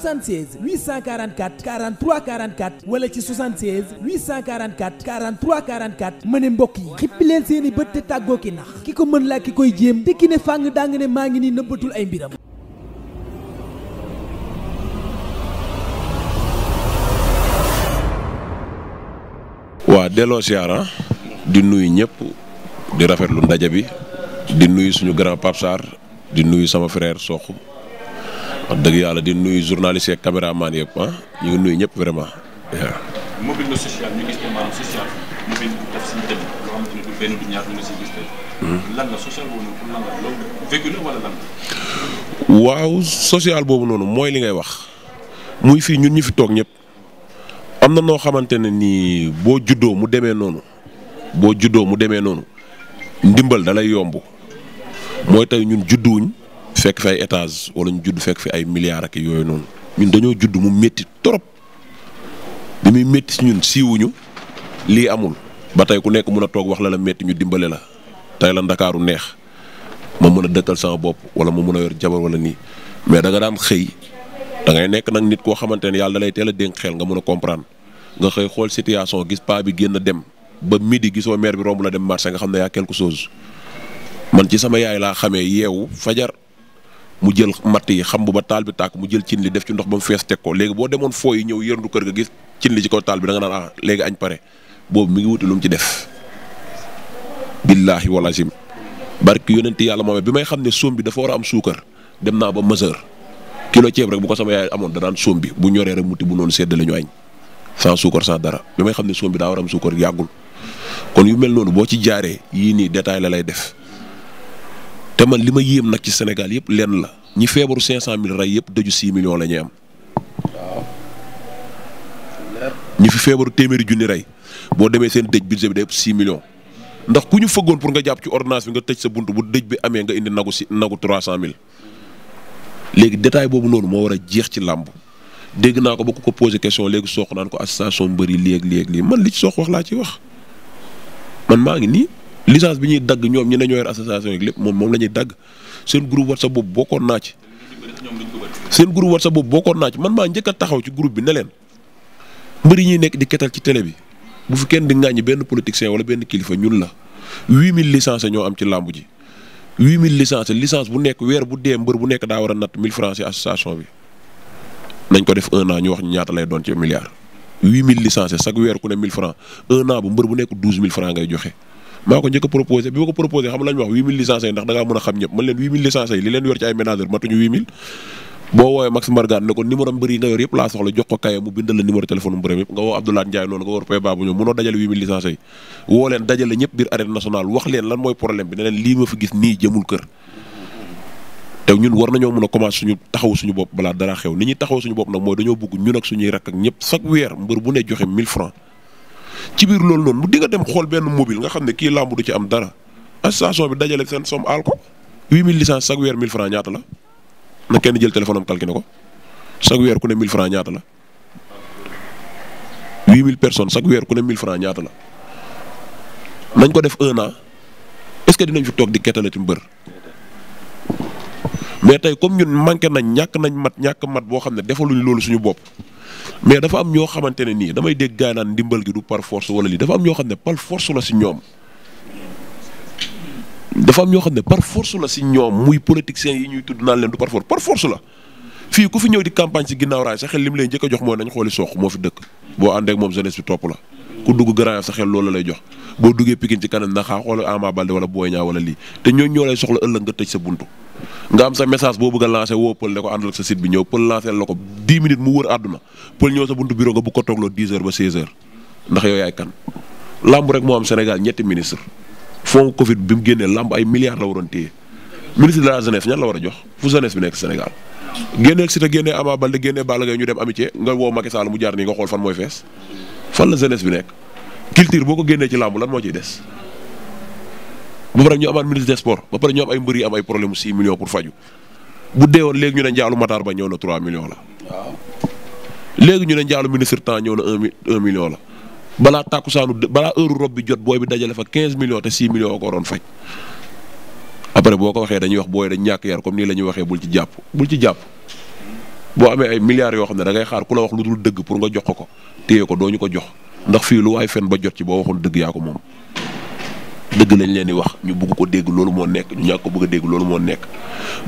76 844 43 44 wala ci 76 844 43 44 ma ne mbokk yi xippi seeni bët tàggoo ki nax ki ko mën laa koy jéem ki ne fàng daa nga ne maa ngi ay mbiram. waa delloo siyaara di nuyu ñëpp di rafetlu ndaje bi di nuyu suñu grand Pape di nuyu sama frère Sokh wax dëgg yàlla di nuyu journaliste yeeg caméraman yëpp ah, ñu nuyu ñëpp vraiment waaw. mobile social boobu noonu mooy li ngay wax muy fii ñun ñu fi toog ñëpp am na noo xamante ne nii boo juddoo mu demee noonu boo juddoo mu demee noonu ndimbal dalay yomb mooy tey ñun judduwuñ fekk fi ay étage wala ñu judd fekk fi ay milliards ak yooyu noonu ñun dañoo judd mu métti trop bi muy métti si ñun siiwuñu lii amul ba tey ku nekk mun a toog wax la la métti ñu dimbale la tey la ndakaaru neex ma mën a dëkkal sama bopp wala ma mën a yor jabar wala nii mais danga nga daan xëy da ngay nekk nag nit koo xamante ne yàlla da lay teel a dénk xel nga mën a comprendre nga xëy xool situation gis paa bi génn dem ba midi gisoo maire bi romb la dem marché nga xam ne yaa quelque man ci sama yaay laa xamee yeewu fajar. mu jël matt yi xam bu ba taal bi tàkk mu jël cin li def ci ndox ba mu fees teg ko léegi boo demoon foo yi ñëw yërndu kër ga gis cin li ci kaw taal bi da nga naan ah añ pare boobu mi ngi wuti lu mu ci def. billaahi walazim barki yonenti yàlla moomee bi may xam ne soom bi dafa war a am suukar dem naa ba mesure kilo ceeb rek bu ko sama yaay amoon danaan soom bi bu ñoree rek muti bu noonu sedd lañu ñu añ sans suukar sans dara bi may xam ne soom bi daa war a am suukar yàggul kon yu mel noonu boo ci jaaree yii nii détail la lay def. te man li ma yéem nag ci Sénégal yëpp lenn la ñi feebaru 500000 rey yëpp daju 6 millions la ñuy am. waaw. ñi fi feebaru téeméeri junni rey boo demee seen dëj budget bi day ëpp 6 ndax ku ñu fëggoon pour nga jàpp ci ordonnance bi nga tëj sa bunt bu dëj bi amee nga indi nagu si nagu 300000. léegi détail boobu noonu moo war a jeex ci làmb dégg naa ko ba ku ko posé question léegi soox naan ko association mbëri léeg-léeg lii man li ci soox wax laa ci wax man maa ngi nii. licence bi ñuy dagg ñoom ñu ne ñoo yor association yeeg lépp moom moom la ñuy dagg seen groupe WhatsApp boobu bokkoon naa ci. seen groupe WhatsApp boobu bokkoon naa ci man maa njëkk a taxaw ci groupe bi ne leen mbëri ñuy nekk di ketal ci télé bi bu fi kenn di ŋàññi benn politicien wala benn kilifa ñun la 8000 licences ñoo am ci làmb ji. 8000 licences licence bu nekk weer bu dee mbër bu nekk daa war a natt 1000 francs ci association bi nañ ko ñu wax ñaata lay doon ci milliard 8000 licences chaque weer ku ne 1000 francs un an bu mbër bu ngay joxe. maa ko njëkk a proposé bi ma ko proposé xam lañ wax 8000 licences yi ndax da mën a xam ñëpp man leen 8000 licences yi li leen yor ci ay ménageur matuñu 8000 boo woowee Max Mbargane ne ko numéro mbër nga yor yëpp laa soxla jox ko kaye mu bindal la numéro téléphone mbërëm yëpp nga woo Abdoulaye Ndiaye noonu nga war pay baabu ñoom munoo dajale 8000 licences yi woo leen dajale ñëpp biir arène nationale wax leen lan mooy problème mën a commencé suñu taxaw suñu bopp balaa dara xew ni ñuy taxaw suñu bopp nag mooy dañoo bëgg ñun ak suñuy rakk ak ñëpp chaque weer mbër ci biir loolu loolu lu di nga dem xool benn mobile nga xam ne kii làmb du ci am dara association bi dajale seen som aal ko 8000 licences chaque weer 1000 francs ñaata la na kenn jël téléphone am calculé ko chaque weer ne 1000 ñaata la 8000 personnes chaque weer ku ne 1000 francs ñaata la nañ ko def un an est-ce que dinañ fi toog di kettalati mbër. mais tey comme ñun manqué nañ ñàkk nañ mat ñàkk mat boo xam ne defaluñ loolu suñu bopp mais dafa am ñoo xamante ne nii damay dégg gaay naan ndimbal gi du par force wala lii dafa am ñoo xam ne par force la si ñoom. dafa am ñoo xam ne par force la si ñoom muy politiciens yi ñuy tudd naan leen du par force la fii ku fi ñëw di campagne si ginnaaw raay sa xel lim lay njëkk jox mooy nañ xooli soq moo fi dëkk. boo àndeek moom jeunesse bi topp la ku dugg Grand Yoff sa xel loolu lay jox boo duggee Pikine ci kanam na xool Ama Baldé wala Boy wala lii te ñooñu ñoo lay soxla ëllëg nga buntu. nga am sa message boo bëgg a lancé woo pël ne ko àndal ak sa site bi ñëw pël lancé la ko 10 minutes mu wër àdduna pël ñëw sa buntu bureau nga bu ko toogloo 10 heures ba 16 heures ndax yow yaay kan lamb rek moo am Sénégal ñetti ministre fond Covid bi mu génnee lamb ay milliards la waroon téye ministre de la jeunesse ñan la war a jox fu jeunesse bi nekk Sénégal génneel si te génnee Ama Baldé génnee Balla Gaye ñu dem amitié nga woo Macky Sall mu jaar nii nga xool fan mooy fees fan la jeunesse bi nekk culture boo ko génnee ci lamb lan moo ciy des. ba pare ñu amaat ministre des sports ba pare ñu am ay mbër yi am ay problème 6 millions pour faju bu dee woon léegi ñu ne njaalu mataar ba ñëw na 3 millions la. léegi ñu ne njaalu ministre temps ñëw na 1 1 million la balaa tàkkusaanu balaa heure rob bi jot booy bi dajale fa 15 millions te 6 millions ko waroon faj après boo ko waxee dañuy wax booy dañ ñàkk yar comme nii la ñuy waxee bul ci jàpp bul ci jàpp. boo amee ay milliards yoo xam ne da ngay xaar ku la wax lu dul dëgg pour nga jox ko ko téye ko doo ñu ko jox ndax fii lu waay fen ba jot ci boo waxoon dëgg yaa ko moom. dëgg lañ leen di wax ñu bugg ko dégg loolu moo nekk ñu ñàkk ko bëgg a dégg loolu moo nekk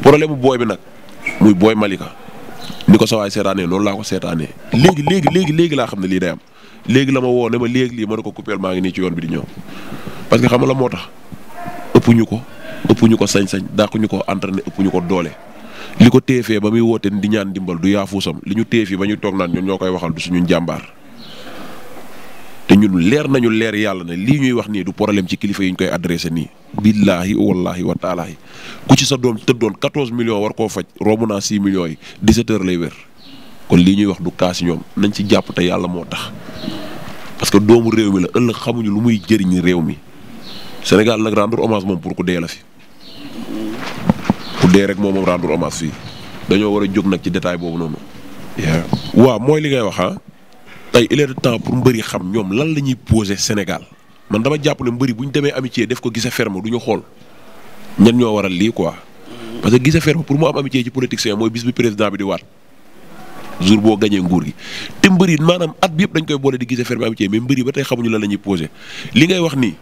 problème bu booy bi nag muy booy Malika ni ko sawaay seetaanee loolu laa ko seetaanee léegi léegi léegi léegi laa xam ne lii day am léegi la ma woo ma léegi lii ma ne ko coupeel maa ngi nii ci yoon bi di ñëw parce que xam la moo tax ëpp ñu ko ëpp ñu ko sañ-sañ dàq ñu ko entraîné ëpp ñu ko doole li ko téefee ba muy woote di ñaan dimbal du yaafuusam li ñu téefee ba ñu toog naan ñoom ñoo koy waxal du suñu jàmbaar te ñun leer nañu leer yàlla ne lii ñuy wax nii du problème ci kilifa yi ñu koy adressé nii. billaahi wallaahi wa taalaahi ku ci sa doom tëddoon 14 millions war koo faj romb naa 6 millions yi 17 lay wér kon lii ñuy wax du kaa si ñoom nañ ci jàpp te yàlla moo tax. parce que doomu réew mi la ëllëg xamuñu lu muy jëriñ réew mi Sénégal nag rendre hommage moom pour ku dee la fi ku dee rek moom moom rendre hommage fii dañoo war a jóg nag ci détail boobu noonu. waaw tey il est temps pour mbëri xam ñoom lan la ñuy posé Sénégal man dama jàpp ne mbëri bu ñu demee amitié def ko gise ferme du ñu xool ñan ñoo waral lii quoi. parce que gise ferme pour mu am amitié ci politicien mooy bis bi président bi di waat jour boo gañee nguur gi te mbëri maanaam at bi yëpp dañ koy boole di gise ferme amitié mais mbëri ba tey xamuñu la ñuy posé li ngay wax nii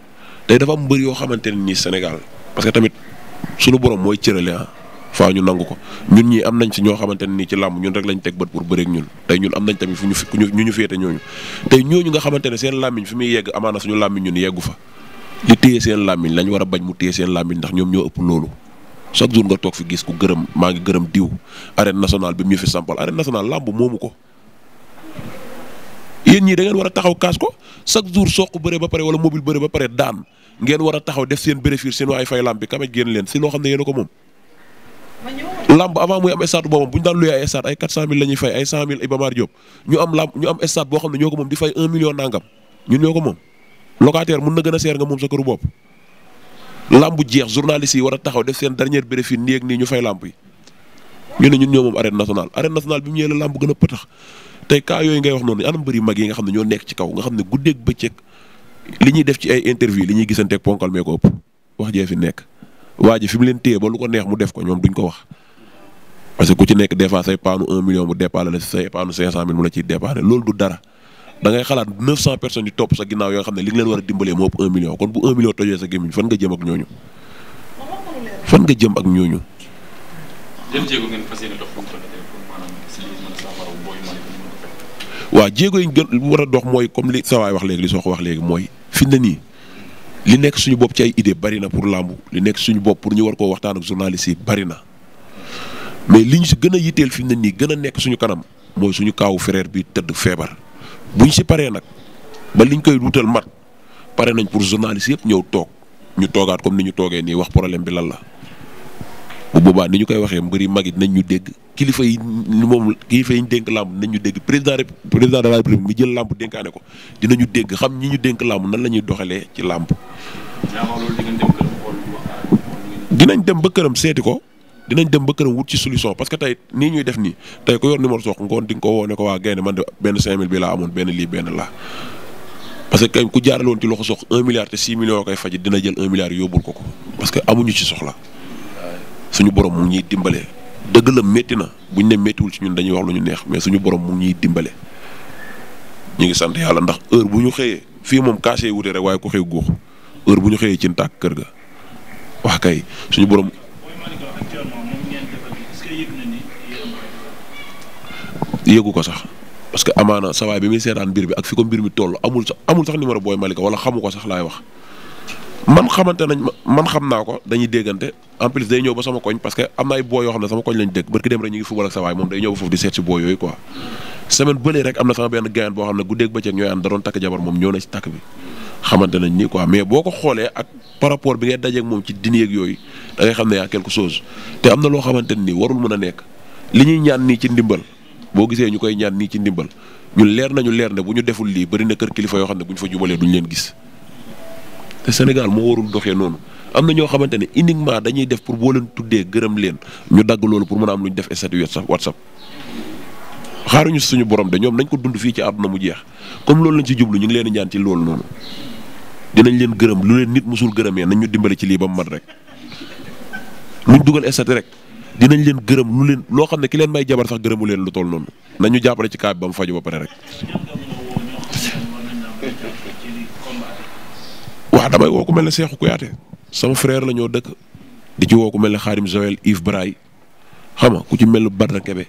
tey dafa am mbëri yoo xamante ne nii Sénégal parce que tamit sunu borom mooy cërale ah. faa ñu nangu ko ñun ñii am nañ ci ñoo xamante ne nii ci làmb ñun rek lañ teg ba pour bëreeg ñun tey ñun am nañ tamit fu ñu ñu ñu féete ñooñu tey ñooñu nga xamante ne seen làmmiñ fu muy yegg amaana suñu làmmiñ ñun yeggu fa li téye seen làmmiñ lañ war a bañ mu téye seen làmmiñ ndax ñoom ñoo ëpp loolu chaque jour nga toog fi gis ku gërëm maa ngi gërëm diw arène nationale bi mu fi sampal arène nationale làmb moomu ko yéen ñii da ngeen a taxaw kaas ko chaque jour soq bëre ba pare wala mobile bëre ba pare daan ngeen war a taxaw def seen bénéfice seen waay fay làmb leen si loo xam ne yéena ko moom lamb avant muy am stade boobam bu ñu daan luyee ay stade ay 400000 la ñuy fay ay 100000 Iba Mar Diop ñu am lamb boo xam ne ñoo ko moom di fay 1 million nangam ñun ñoo ko moom locataire mun na gën a seer nga moom sa këru war a taxaw def seen dernière béréb yi nii ak nii ñu fay lamb yi ñu ne ñun ñoo moom bi mu ñëwee la lamb gën a pëtax tey cas yooyu ngay wax noonu anam bëri mag yi nga xam ne ñoo nekk ci kaw nga xam ne guddeeg bëccëg li ñuy def ci ay interview li ñuy gisanteeg ponkal mee ko ëpp wax jee fi nekk waa fi mu leen téye ko neex mu def ko ñoom duñ ko wax parce que ku ci nekk des fois say paanu 1 million mu dépanne la say paanu 500000 mu la ciy dépanne loolu du dara da xalaat 900 yu topp sa ginnaaw yoo xam ne li a dimbalee moo ëpp 1 jëm ak ñooñu. fan nga jëm ak ñooñu. jëm jéego ngeen a dox mooy comme li sawaay wax léegi li soo wax léegi mooy fi ne nii li nekk suñu bopp ci ay idée bari na pour làmb li nekk suñu bopp pour ñu war koo waxtaan ak journaliste yi bari na mais li ñu si gën a yitteel fi mu nii gën a nekk suñu kanam mooy suñu kaawu frère bi tëdd feebar bu ñu si paree nag ba liñ koy wutal mat pare nañ pour journaliste yëpp ñëw toog ñu toogaat comme ni ñu toogee nii wax problème bi lan la. bu boobaa ni ñu koy waxee mbëri mag yi nañ ñu dégg kilifa yi moom kilifa yi ñu dénk làmb nañ ñu dégg président président de la république mi jël làmb dénkaane ko dinañu dégg xam ñi ñu dénk làmb nan la ñuy doxalee ci làmb. dinañ dem ba këram seeti ko. dinañ dem ba këram wut ci solution parce que tey nii ñuy def nii tey ku yor numéro sox ngoon di nga ko woo ne ko waa gaynde man de benn 5000 bi laa amoon benn lii benn laa. parce que ku jaarale woon ci loxo sox 1 milliard te 6 millions koy faj dina jël 1 milliard yóbbul ko ko parce que amuñu ci soxla suñu borom mu ñuy dimbale dëgg la métti na buñ ne méttiwul ci ñun dañuy wax lu ñu neex mais suñu borom mu ñuy dimbale. ñu ngi sant yàlla ndax heure bu ñu xëyee fii moom kaase wute rek waaye ku xëy guux heure bu ñu xëyee ci ntaak kër ga wax actuellement moom ngeen defal ko sax parce amaana sawaay bi muy seetaan mbir bi ak fi ko mbir mi toll amul sax amul sax numéro booy Malika wala xamu ko sax laay wax man xamante nañ man xam naa ko dañuy déggante en plus day ñëw ba sama koñ parce que am na ay booy xam ne sama koñ lañ dégg barki dem rek ñu ngi football ak sawaay moom day ñëw ba foofu di seet si booy yooyu semaine bële rek am na sama benn gaayan boo xam ne guddeeg bëccëg ñooy ànd da doon takk jabar moom ñëw na ci takk bi xamante nañ ni quoi mais boo ko xoolee ak par rapport bi ngay dajeeg moom ci dinañ ak yooyu da xam ne yaa quelque chose te am na loo xamante nii warul mën a nekk li ñuy ñaan nii ci ndimbal boo gisee ñu koy ñaan nii ci ndimbal ñun leer nañu leer ne bu ñu deful lii bëri na kër kilifa yoo xam ne bu ñu fa jubalee duñu leen gis te Sénégal moo warul doxee noonu am na ñoo xamante ne uniquement dañuy def pour boo leen tuddee gërëm leen ñu dagg loolu pour mën am lu ñu def statut WhatsApp xaaruñu suñu borom de ñoom nañ ko dund fii ci àdduna mu jeex comme loolu lañ ci jublu ñu ngi leen ñaan ci loolu noonu dinañ leen gërëm lu leen nit musul gërëmee nañ ñu dimbale ci lii ba mu mat rek luñ dugal stat rek dinañ leen gërëm lu leen loo xam ne ki leen may jabar sax gërëmu leen lu toll noonu nañ ñu jàppale ci kaa bi ba mu faju ba pare rek. waaw damay woo ku mel ne Cheikhou Kouyaté sama frère la ñoo dëkk di ci woo ku mel ne Xaarim Joël Yves Braay xam nga ku ci mel ne Badara Kebe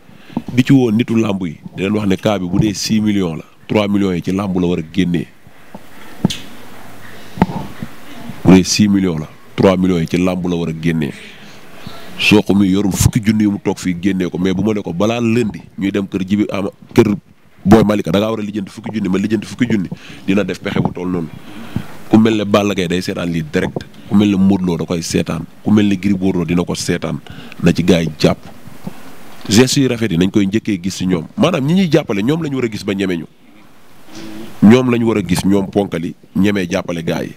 di ci woon nitu làmb yi di leen wax ne cas bi bu dee 6 millions la 3 millions yi ci làmb la war a génnee bu dee la 3 millions yi ci làmb la war a génnee soo ko mi yorul fukki junni yu mu toog fii génnee ko mais bu ma ne ko balaa lëndi ñuy dem kër jibi am kër booy Malika da ngaa war a lijjanti fukki junni ma lijjanti fukki junni dina def pexe bu toll noonu ku mel ne Balla Gaye day seetaan lii direct ku mel ne Modou da koy seetaan ku mel ne Gris Bordeaux dina ko seetaan na ci gars yi jàpp. gestes yu rafet yi nañ koy njëkkee gis si ñoom maanaam ñi ñuy jàppale ñoom la war a gis ba ñeme ñu ñoom la ñu war a gis ñoom ponkali ñemee jàppale gars yi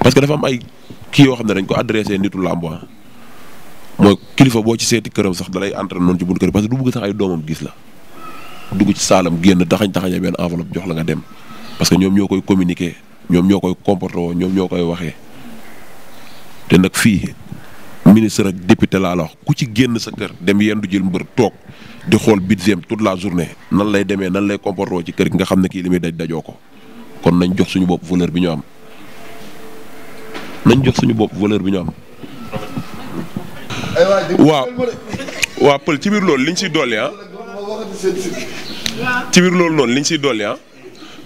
parce que dafa am ay kii yoo xam ne dañ ko adressé nitu làmba ah. mooy kilifa boo ci seeti këram sax dalay entraîné noonu ci bunt kër parce du bëgg sax ay doomam gis la dugg ci saalam génn taxañ taxaña benn enveloppe jox la nga dem parce que ñoom ñoo koy communiquer ñoom ñoo koy comporter woo ñoom ñoo koy waxee te fii ministre ak député laa la wax ku ci génn sa kër dem yendu jël mbër toog di xool budget tout la journée nan lay demee nan lay comporté woo ci kër gi nga xam ne kii li muy daj dajoo ko kon nañ jox suñu bopp valeur bi ñu am nañ jox suñu bopp valeur bi ñu waaw waaw pël ci biir loolu liñ siy dolli ah. ci biir loolu noonu liñ siy dolli ah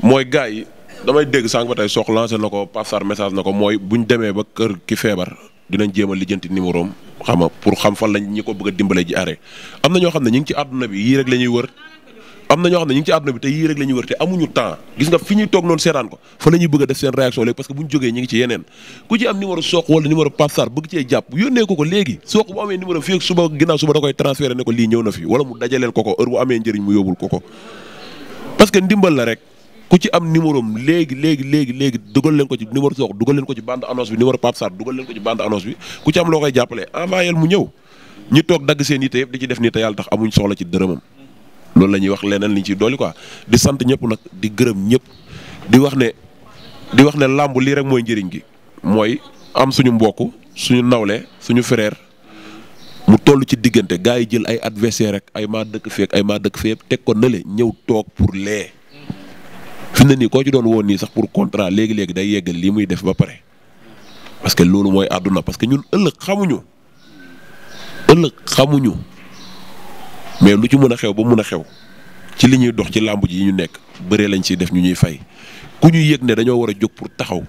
mooy gars yi damay dégg sànq ba tey sox na ko Pape message na ko mooy buñ demee ba kër ki feebar. dinañ jéem a lijjanti numéro am xam nga pour xam fan lañ ñi ko bëgg a ji arrêt am na ñoo xam ne ñu ngi ci àdduna bi yii rek la ñuy wër am na ñoo xam ne ñu ci àdduna bi te yii rek la ñuy wër te amuñu temps gis nga fi ñuy toog noonu seetaan ko fa la ñuy bëgg a def seen réaction léegi parce que bu ñu jógee ñu ngi ci yeneen ku ci am numéro Sokh wala numéro Pape Sarr bëgg cee jàpp yónnee ko ko léegi Sokh bu amee numéro fii suba ginnaaw suba da koy transféré ne la rek ku ci am numéro léegi léegi léegi léegi dugal leen ko ci numéro sox dugal leen ko ci bande annonce bi numéro Pape Sarr dugal leen ko ci bande annonce bi ku ci am loo koy jàppale envoyé mu ñëw ñu toog dagg seen yitte yëpp di ci def nii te yàlla tax amuñ soxla ci dërëmam loolu la ñuy wax leneen li ñu ciy dolli quoi di sant ñëpp nag di gërëm ñëpp di wax ne di wax ne làmb lii rek mooy njëriñ gi mooy am suñu mbokk suñu nawle suñu frère mu toll ci diggante gars yi jël ay adversaire rek ay maa dëkk feek ay maa dëkk feek teg ko nële ñëw toog pour lee fi ne nii koo ci doon woon nii sax pour contrat léegi léegi day yeggal lii muy def ba pare parce que loolu mooy àdduna parce que ñun ëllëg xamuñu ëllëg xamuñu mais lu ci mën a xew ba mën a xew ci li ñuy dox ci làmb yi ñu nekk bëree lañ ciy def ñu ñuy fay ku ñu yëg ne dañoo war a jóg pour taxaw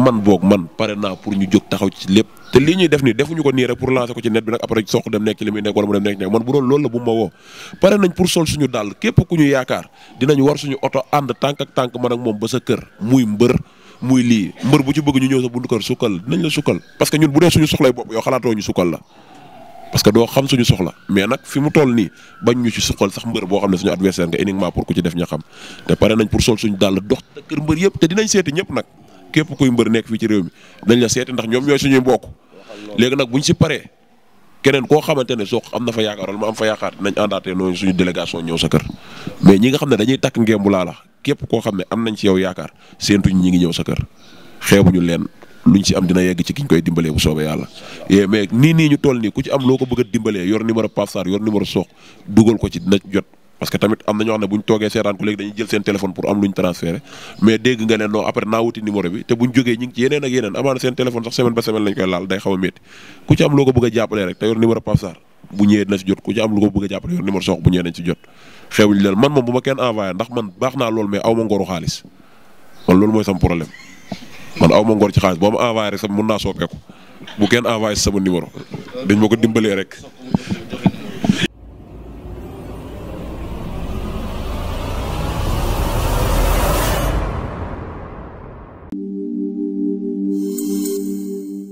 man boog man pare naa pour ñu jóg taxaw ci lépp te li ñuy def nii defuñu ko nii pour lancer ko ci net bi nag après soq dem nekk ci li muy nekk wala mu dem nekk man bu ma nañ pour ku war suñu oto ànd tànk ak tànk man ak moom ba lii mbër bu ci ñu ñëw sa buntu kër sukkal parce que ñun bu dee suñu soxlay bopp yow xalaatoo ñu sukkal suñu soxla mais nag fi mu toll nii bañ ñu ci suqal sax boo xam ne suñu adversaire nga uniquement pour ku ci def ña xam te pare nañ pour sol suñu dàll dox kër mbër yëpp te dinañ seeti ñëpp nag képp kuy mbër nekk fii ci réew mi dañ la seeti ndax ñoom ñooy suñuy mbokk léegi nag ñu si paree keneen koo xamante ne soo am na fa yaakaar wala ma am fa yaakaar nañ àndaatee noonu suñu délégation ñëw sa kër mais ñi nga xam ne dañuy takk ngembu laa la képp koo xam ne am nañ ci yow yaakaar seentuñ ñi ngi ñëw sa kër xeebuñu leen luñ ci am dina yegg ci kiñ koy dimbalee bu soobee yàlla yee eh, mais nii nii ñu toll nii ku ci am loo ko bëgg a dimbalee yor numéro Pape Sarr yor numéro Sokh dugal ko ci dina jot parce que tamit am na ñoo xam ne bu ñu toogee seetaan ko léegi dañuy jël seen téléphone pour am lu ñu transféré mais dégg nga ne non après naa wuti numéro bi te bu jógee ñu ngi ci yeneen ak yeneen amaana seen téléphone sax semaine ba semaine lañ koy laal day xaw a métti ku ci am loo ko bëgg a jàppale rek te yor numéro Pape bu ñëwee si jot ku ci am a jàppale man moom bu ma kenn envoyé ndax man baax naa loolu mais aw ma ngoru xaalis man loolu mooy sama problème man aw ma ngor ci xaalis boo ma envoyé rek sama mën naa ma ko dimbalee rek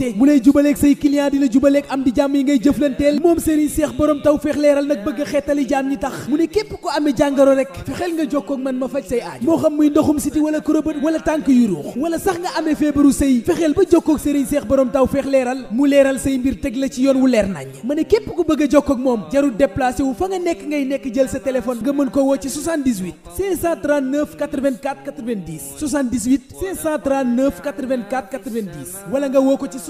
yokkute mu lay jubaleeg say client dina jubaleeg am di jàmm yi ngay jëflanteel moom Serigne Cheikh borom taw feex leeral nag bëgg a xeetali jaam ñi tax mu ne képp ko amee jàngoro rek fexeel nga jokkoo man ma faj say aaj moo xam muy ndoxum siti wala kurobët wala tànk yu ruux wala sax nga amee feebaru sëy fexeel ba jokkoo ak Serigne borom taw feex leeral mu leeral say mbir teg la ci yoon wu leer nañ ma ne képp ku bëgg a jokkoo ak moom jarul déplacé wu fa nga nekk ngay nekk jël sa téléphone nga mën